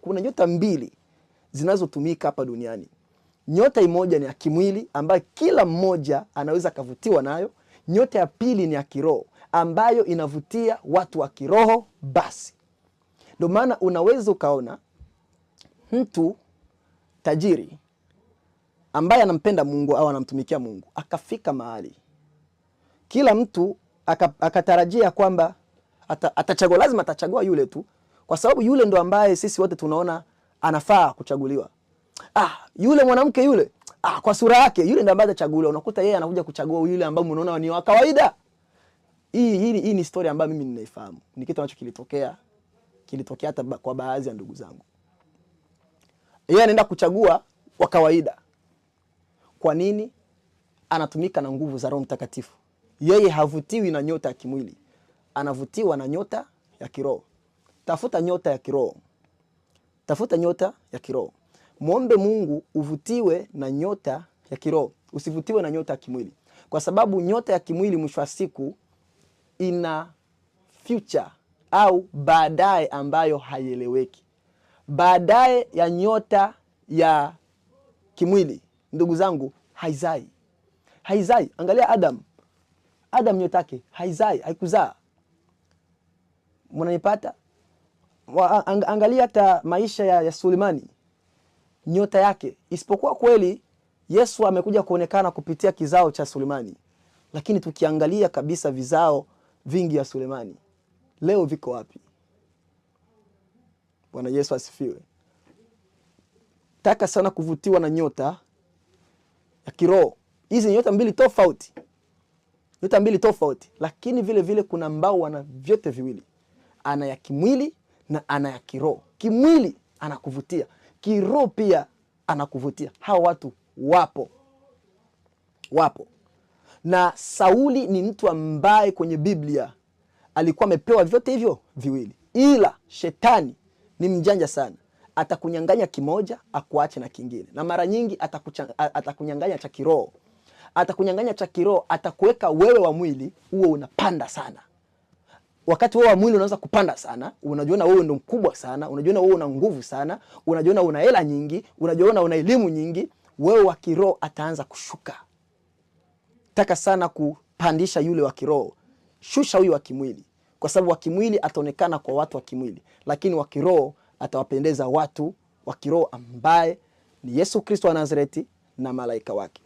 Kuna nyota mbili zinazotumika hapa duniani. Nyota moja ni ya kimwili ambayo kila mmoja anaweza akavutiwa nayo. Nyota ya pili ni ya kiroho ambayo inavutia watu wa kiroho. Basi ndio maana unaweza ukaona mtu tajiri ambaye anampenda Mungu au anamtumikia Mungu akafika mahali kila mtu akatarajia kwamba atachagua, lazima atachagua yule tu kwa sababu yule ndo ambaye sisi wote tunaona anafaa kuchaguliwa. Ah, yule mwanamke yule, ah, kwa sura yake yule ndo ambaye atachaguliwa. Unakuta yeye anakuja kuchagua yule ambaye mnaona ni wa kawaida. Hii hii hii ni story ambayo mimi ninaifahamu. Ni kitu ambacho kilitokea kilitokea hata kwa baadhi ya ndugu zangu. Yeye anaenda kuchagua wa kawaida. Kwa nini? Anatumika na nguvu za Roho Mtakatifu. Yeye havutiwi na nyota ya kimwili, anavutiwa na nyota ya kiroho. Tafuta nyota ya kiroho, tafuta nyota ya kiroho, mwombe Mungu uvutiwe na nyota ya kiroho, usivutiwe na nyota ya kimwili, kwa sababu nyota ya kimwili mwisho wa siku ina future au baadaye ambayo haieleweki. Baadaye ya nyota ya kimwili, ndugu zangu, haizai, haizai. Angalia Adam, Adam nyota yake haizai, haikuzaa. Mnanipata? wa, ang, angalia hata maisha ya, ya Sulemani nyota yake, isipokuwa kweli Yesu amekuja kuonekana kupitia kizao cha Sulemani, lakini tukiangalia kabisa vizao vingi ya Sulemani leo viko wapi? Bwana Yesu asifiwe. Taka sana kuvutiwa na nyota ya kiroho. Hizi nyota mbili tofauti, nyota mbili tofauti, lakini vile vile kuna mbao wana vyote viwili, ana ya kimwili na ana ya kiroho. Kimwili anakuvutia, kiroho pia anakuvutia. Hawa watu wapo, wapo. Na Sauli ni mtu ambaye kwenye Biblia alikuwa amepewa vyote hivyo viwili, ila shetani ni mjanja sana, atakunyang'anya kimoja akuache na kingine, na mara nyingi atakunyang'anya cha kiroho, atakunyang'anya cha kiroho, atakuweka wewe wa mwili huo unapanda sana wakati wewe wa mwili unaanza kupanda sana, unajiona wewe ndo mkubwa sana, unajiona wewe una nguvu sana, unajiona una hela nyingi, unajiona una elimu nyingi, wewe wa kiroho ataanza kushuka. Taka sana kupandisha yule wa kiroho, shusha huyu wa kimwili, kwa sababu wa kimwili ataonekana kwa watu wa kimwili, lakini wa kiroho atawapendeza watu wa kiroho ambaye ni Yesu Kristo wa Nazareti na malaika wake.